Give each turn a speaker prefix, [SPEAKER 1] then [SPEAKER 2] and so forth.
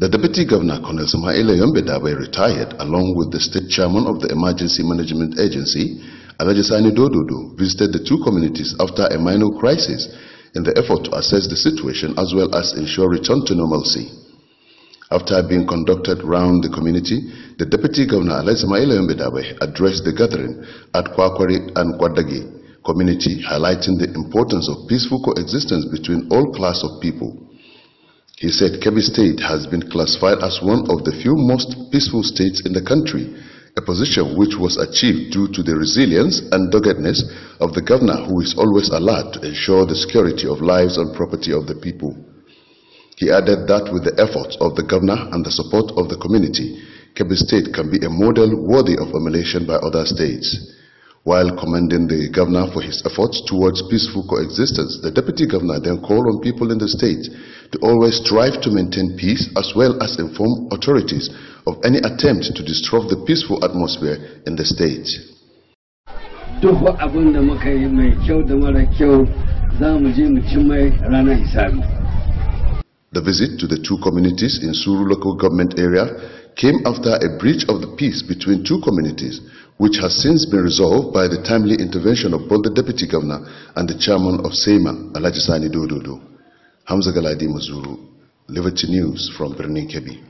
[SPEAKER 1] The Deputy Governor, Colonel Samaila Yombedawe, retired along with the State Chairman of the Emergency Management Agency, Alajisani Dododo, visited the two communities after a minor crisis in the effort to assess the situation as well as ensure return to normalcy. After being conducted round the community, the Deputy Governor Alaisamaila Yombedawe addressed the gathering at Kwakwari and Kwadagi community, highlighting the importance of peaceful coexistence between all class of people. He said Kebbi State has been classified as one of the few most peaceful states in the country, a position which was achieved due to the resilience and doggedness of the governor who is always alert to ensure the security of lives and property of the people. He added that with the efforts of the governor and the support of the community, Kebbi State can be a model worthy of emulation by other states. While commending the governor for his efforts towards peaceful coexistence, the deputy governor then called on people in the state to always strive to maintain peace as well as inform authorities of any attempt to disrupt the peaceful atmosphere in the state. The visit to the two communities in Suru local government area came after a breach of the peace between two communities which has since been resolved by the timely intervention of both the Deputy Governor and the Chairman of SEMA, Alajisani Dododo. Hamza Galadi Mazuru, Liberty News from Brunei. Kebi.